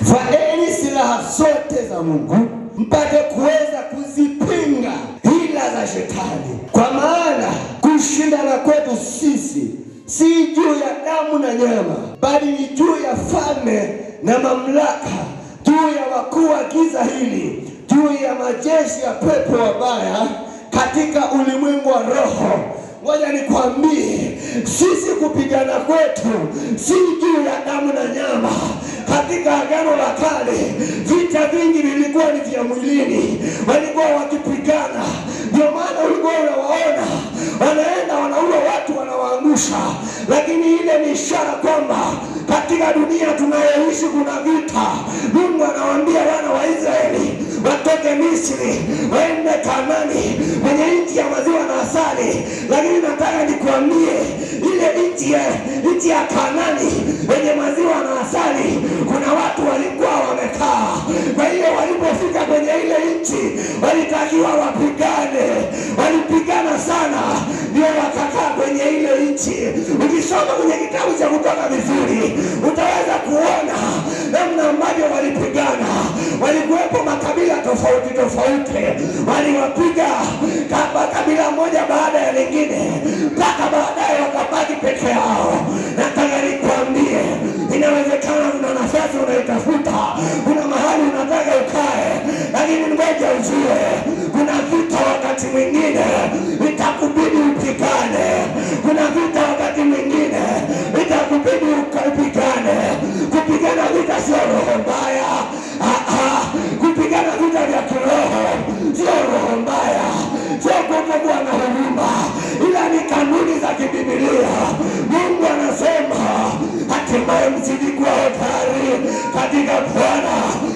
Vaeni silaha zote za Mungu mpate kuweza kuzipinga hila za shetani, kwa maana kushindana kwetu sisi si juu ya damu na nyama, bali ni juu ya falme na mamlaka, juu ya wakuu wa giza hili, juu ya majeshi ya pepo wabaya katika ulimwengu wa roho. Ngoja nikwambie, sisi kupigana kwetu si juu ya damu na nyama katika Agano la Kale vita vingi vilikuwa ni vya mwilini, walikuwa wakipigana. Ndio maana ulikuwa unawaona wanaenda wanaua watu, wanawaangusha, lakini ile ni ishara kwamba katika dunia tunayoishi kuna vita. Mungu anawaambia wana wa Israeli watoke Misri waende Kanani, kwenye nchi ya maziwa na asali. Lakini nataka nikuambie ile nchi ya Kanani maziwa kuna watu walikuwa wamekaa. Kwa hiyo walipofika kwenye ile nchi walitakiwa wapigane, walipigana sana, ndio wakakaa kwenye ile nchi. Ukisoma kwenye kitabu cha Kutoka vizuri, utaweza kuona namna ambavyo walipigana. Walikuwepo makabila tofauti tofauti, waliwapiga kabila moja baada ya lingine. lakini ngoja ujue, kuna vita wakati mwingine itakubidi upigane. Kuna vita wakati mwingine itakubidi upigane. Kupigana vita sio roho mbaya, kupigana vita vya kiroho sio roho mbaya, sio kutokuwa na huruma, ila ni kanuni za kibibilia. Mungu anasema hatimaye mzidi kuwa katika Bwana.